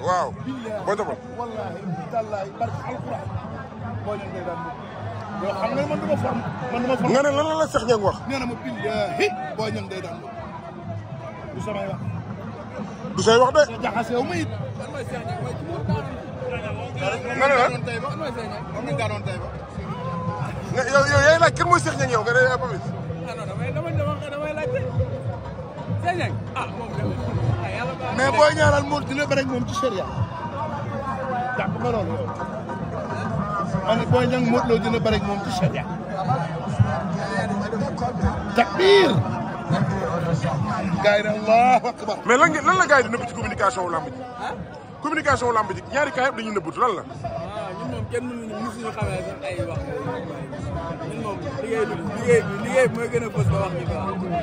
waaw booy topal wallaahi tallaahi barke alquran boo leen koy daan yow xam nga man dama form man nga ne lan la la sax ñang wax nee na ma billaahi boo ñang day daan du samay wax du say wax de sa jaxasew ma it nga ne lan yow yow yaay laaj kan mooy Cheikh Niang yow nga ne ah, Dieng ah mais booy ñaanal moom dina bëri moom ci sariya jàpp nga loolu dina bëri moom ci sariya takbir gars yi allahu akbar mais lan lan la gars yi di nëbb ci communication wu lamb ji wu lamb ñaari cas yëpp dañu nëbbatu la ah, kenn mënuñu mësuñu xamee a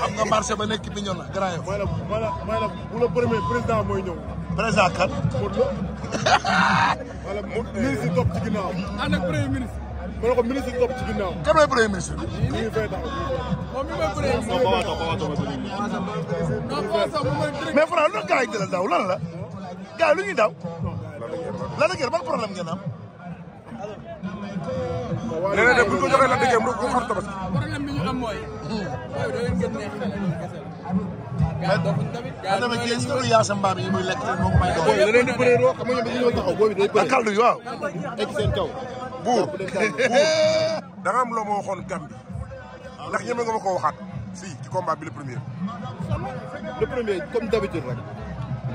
xam nga marché ba nekk Bignona la Grand Yoff. mooy la mooy la mooy la bu la premier président mooy ñëw. président kan. Modou Lo. wala eh, ministre yi topp ci ginnaaw. ànd ak premier ministre. ma ne ko ministre yi topp ci ginnaaw. kan mooy premier ministre. ñu ngi fay taxaw moom mi may premier ministre. mais Franc lu gars yi di la daw lan la. gars yi lu ñuy daw. lan la ngeen ban problème ngeen am. nee na mu ko xar a lekk moo ko may doon. boobu da leen di bëree roo xam nga ñoom dañoo taxaw boobu day ñeme nga ma waxaat fii ci combat bi le premier. le premier comme d'habitude rek.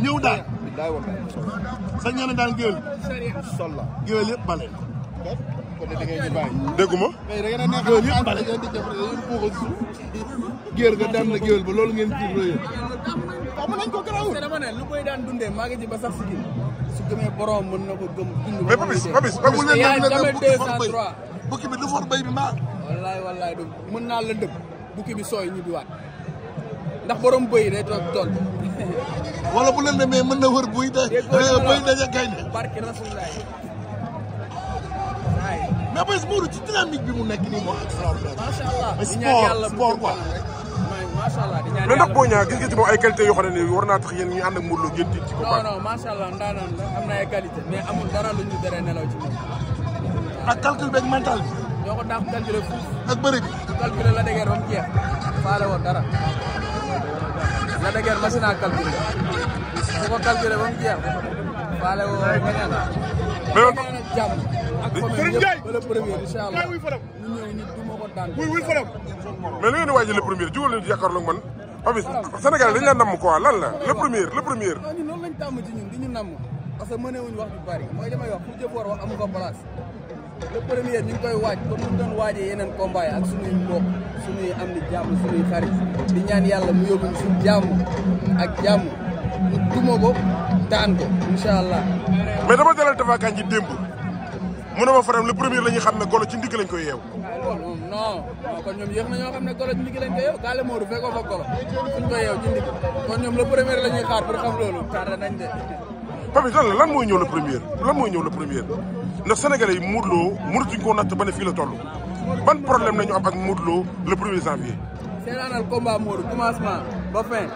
ñëw daal bilaay daal géwél. géwél yëpp bale dégguma. loolu yëpp bale yéen di jëfandikoo yéen buuxal suuf. géer ga daan na géwél ba loolu ngeen ci rëy. waaw mën nañu ko garaawul. te dama ne lu koy daan dundee maa ngi ci ba sax si gin. su mën na ko gëm dund. mais Papis Papis Papis leen ne leen bay bukki bi du for bay bi maa. wallaay mën naa lëndëm bukki bi sooy ñibbiwaat ndax borom bëy day toog tool wala bu leen demee mën na wër buy de. déggoo bëy daje gaynde APS Modou ci dynamique bi mu nekk nii moom. macha allah di ñaan yàlla sport sport quoi. boo ñaa gis nga ci ay qualité yoo xam ne nii war naa tax yéen ñi ànd ak Modou Lo gën ci am na ay qualité mais amul dara lu ñu daree nelaw ci moom. ak calcul beeg mental bi. ñoo ko daax ak bëri bi. calculer la dégeer ba mu jeex. faale woon dara. la dégeer machine à Serigne Ndiaye ba le premier incha allah ñu ñëw ñu du ma ko di waajal le premier jugal nañu jàkkaarloog man. Papis Sénégal dañu la namm quoi ni jàmm suñuy xarit di ñaan yàlla mu yóbbuñ suñu jàmm ak jàmm ñu duma mëna ma faram le premier lañu xamné golo ci ndig lañ koy yew non kon ñom yex nañu xamné golo ci ndig lañ koy yew galé modu fekko fa golo ñu koy yew ci ndig kon ñom le premier lañuy xaar pour xam lolu tardé nañ dé papi lan lan moy ñew le premier lan moy ñew le premier na sénégalais yi modlo ci ko natt ba né fi la tollu ban problème lañu am ak modlo le 1er janvier le combat modou commencement ba fin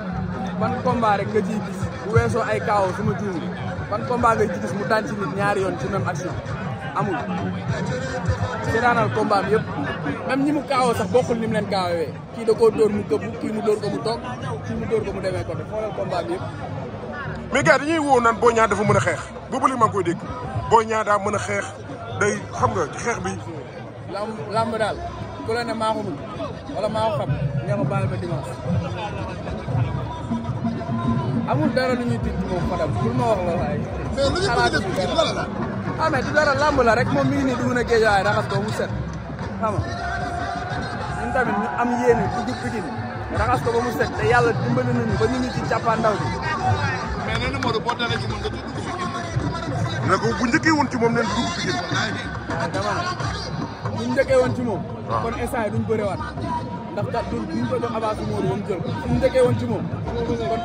ban combat rek nga ci gis bu wesso ay kaw suma tour ban combat nga ci gis mu tan ci nit ñaar yoon ci même action amul seetaanal combat bi yëpp même ñi mu kaawoo sax bokkul ni mu leen kaawee kii da dóor mu këpp kii mu dóor ko mu toog kii mu dóor ko mu demee côté xoolal combat bi yëpp. mais gars dañuy woo naan Boy Niang dafa mën a xeex boobu li ma koy dégg Boy Niang mën a xeex day xam nga ci xeex bi. lamb daal ku la ne maa ko mën wala maa ko xam ña baal ba dimanche amul dara lu ñuy tiit moom Fadam pour ma wax la waaye. xalaatu bi dara mais lu ñu ah mais du dara làmb la rek moom mi ngi nii dugg na géej waaye raxas ko mu set xam nga ñun tamit ñu am yéene dugg Pikine raxas ko mu set te yàlla dimbali nañu ba ñu ngi ci càppaandaw bi. mais nee na Modou boo dalee ci moom bu bu ci moom nee na dugg Pikine. waaw ah, dama ne bu njëkkee woon ci moom. kon instant yii duñ bëriwaat. ndax kat duñ ko jox avance Modou ba mu jël ko bu njëkkee woon ci moom.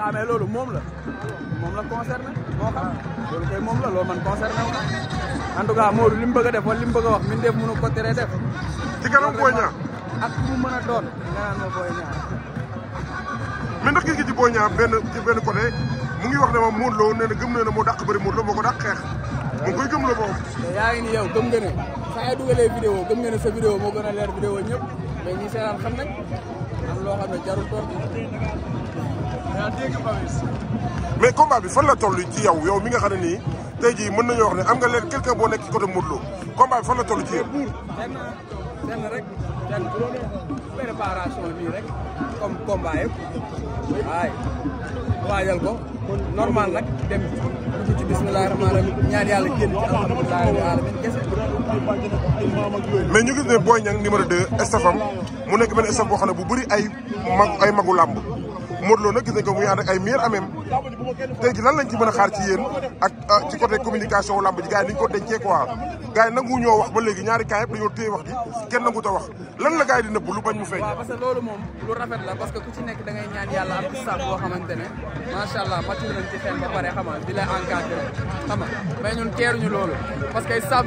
ah mais loolu moom la moom la concerné moo xam loolu koy moom la loolu man concerné wu na en tout cas Modou li bëgg def wala li bëgg wax min def mënu ko teree def ci kanam Boy Niang ak mu mën doon nga naan ma Boy Niang mais ndax gis nga ci Boy Niang benn ci benn côté mu ngi wax ne ma Lo nee gëm na ne moo dàq bëri Lo moo ko mu koy gëm yaa ngi ni yow gëm vidéo gëm sa vidéo vidéo ñëpp mais ñi xam am jarul mais combat bi fan la toll ci yow yow mi nga xam ne nii tey jii mën nañoo wax ne am nga leen quelqu'un boo nekk ci côté Modou Lo combat bi fan la toll ci yow. benn benn rek benn préparation nii rek comme combat yëpp waay waajal ko normal nag dem dugg ci bismillah rahmaan rahim ñaan yàlla génn ci alhamdulilah rabbil alamin kese mais ñu gis ne Boy Niang numéro 2 estafam mu nekk benn estaf boo xam ne bu bëri ay mag ay magu làmb Modou Lo nag gis nañ ko muy ànd ak ay meilleurs amem tey ji lan lañ ci mën a xaar ci yéen ak ah, ci côté communication lamb ji gars yi dañ ko dencee quoi gars yi nangu ñoo wax ba léegi ñaari kaay yëpp dañoo téye wax ji kenn nangu ta wax lan la gars yi di nëbb lu bañ mu feeñ loolu moom lu rafet la parce que ku ci nekk da ngay ñaan yàlla am ci saab boo xamante ne macha allah matur nañ ci xel ba pare xama di lay encadré xama mais ñun teeruñu loolu parce que saab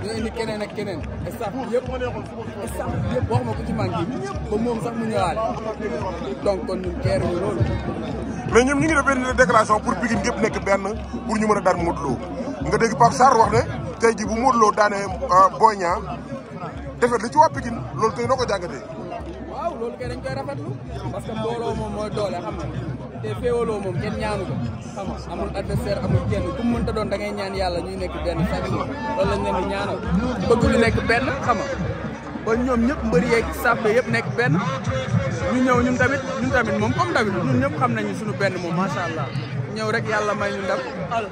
dina indi keneen ak keneen staff yëpp staff bi yëpp wax ma ko moom sax mu kon ñun keer ñu loolu. mais ñoom ñu ngi def benn déclaration pour Pikine gépp nekk benn pour ñu mën a daan Modou Lo nga dégg Pape Sarr wax ne tey jii bu Modou daane daanee euh, Boy Niang defet li ci waa Pikine loolu tey noo ko jàngatee. loolu kay dañ koy rafetlu parce que mbooloo moom mooy doole xam nga te féewaloo moom kenn ñaanu ko xam nga amul adversaire amul kenn ku mu mënta doon da ngay ñaan yàlla ñuy nekk benn sax loolu lañ leen di ñaanal bëgg ñu nekk benn xam nga ba ñoom ñëpp mbëri yeeg sàppe yëpp nekk benn ñu ñëw ñun tamit ñun tamit moom comme tamit ñun ñëpp xam nañu suñu benn moom macha allah ñëw rek yàlla may ñu ndam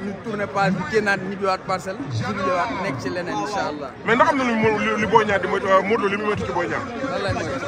ñu tourné page bi génnaat ñibbiwaat parcelle jubluwaat nekk ci leneen incha allah. mais ndax am na lu mu li Boy Niang di moytu Modou Lo li ci Boy Niang. lan la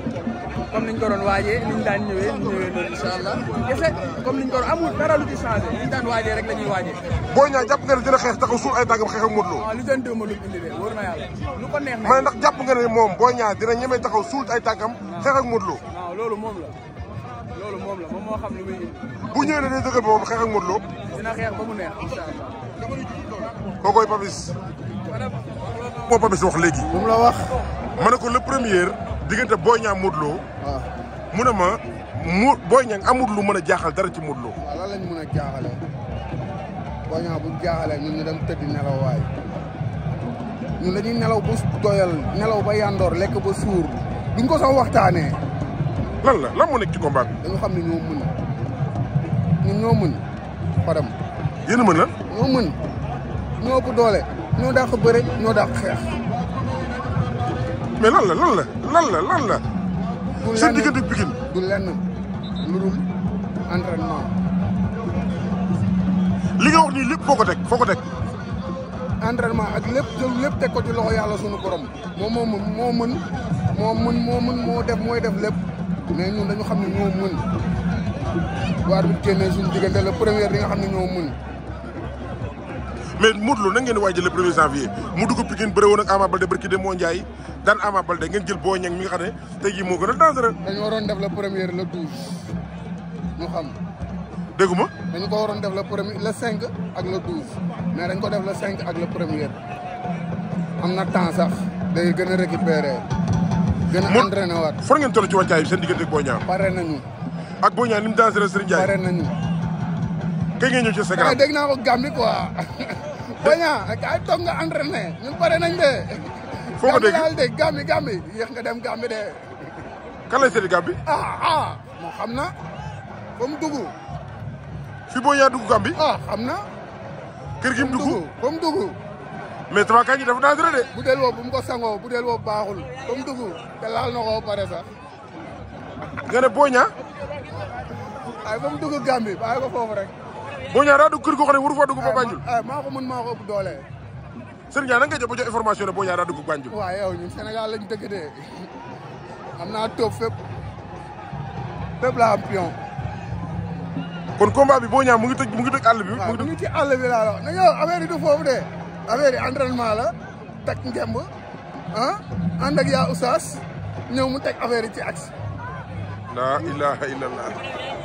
comme niñ ko doon waajee niñ daan ñëwee ñëwee comme niñ ko doon amul dara lu ci changé niñ daan waajee rek la ñuy waajee ñaa jàpp nga ne dina taxaw suul ay ak li ah, lu indi de wóor na lu ko neex mais ndax jàpp nga ne moom booy ñaa dina ñemee taxaw suul ay tàggam xeex ak Modou waaw loolu moom la loolu moom la moom moo xam lu muy indi bu ñëwee ne day dëgër moom ak Modou dina ba mu neex Papis wax la wax le premier diggante Boy ñaa Modou Lo. waaw ah. mu ne ma mu Boy amul lu mën a jaaxal dara ci Modou Lo. waaw ah, lan lañ mën a jaaxalee Boy Niang bu jaaxalee ñu ñu dem tëdd nelaw waay ñun dañuy nelaw ba doyal nelaw ba yandoor lekk ba suur duñ ko sax waxtaanee. lan la lan moo nekk ci combat bi. xam ne ñoo mën ñun ñoo mën xodam. yéen a ñoo mën ñoo ëpp doole ñoo dàq bëre ñoo dàq xeex. mais lan la lan la lan la lan la. seen diggante Pikine du lenn lu dul entraînement. li nga wax nii lépp foo ko teg foo ko teg. entraînement ak lépp jël lépp teg ko ci loxo yàlla sunu borom. moom moo moo mën moo mën moo mën moo def mooy def lépp mais ñun dañu xam ne ñoo mën. waar bi génnee suñu diggante la première bi nga xam ne ñoo mën. mais Modou Lo na ngeen waajal le premier janvier mu dugg Pikine bëre woon ak Ama Baldé barki de moo Ndiaye daan Ama Baldé ngeen jël Boy Niang mi nga xam ne tey jii moo gën a dangereux dañu waroon def le premier le douze ñu xam dégguma dañu ko waroon def le premier cinq ak le douze mais dañ ko def la cinq ak le premier am na temps sax day gën a récupérer gën a entraîné waat fan ngeen toll ci wàccaay seen diggante ak Boy Niang pare nañu ak Boy Niang ni mu dangereux Serigne Ndiaye pare nañu kay ngeen ñëw ci Instagram dégg ko baña ay toog nga entraîné ñun pare nañ de foo ko dégg daal de gambi gami yéex nga dem gami? de kan lay gambi ah ah moo xam na fa mu dugg fi boo ñaa gambi ah xam na kër gi mu dugg fa mu dugg mais tama kañ dafa dangereux de bu del woo bu ko sangoo bu del laal nga ay gambi ko rek boo ñaar daa dugg kër goo xam ne waru faa dugg ba Banjul maa ko mën maa ko ëpp doole sëriñ ñaa na nga jëpp jox information ne boo ñaar daa dugg Banjul waaw yow ñun Sénégal lañ dëgg de am naa toog fépp fépp laa am pion kon combat bi boo ñaar mu ngi tëj mu ngi tëj àll bi mu ngi ci àll bi laa la wax yow affaire yi du foofu de affaire yi entraînement la teg ngemb ah ànd ak yaa oustaz ñëw mu teg affaire yi ci axe la ilaha illallah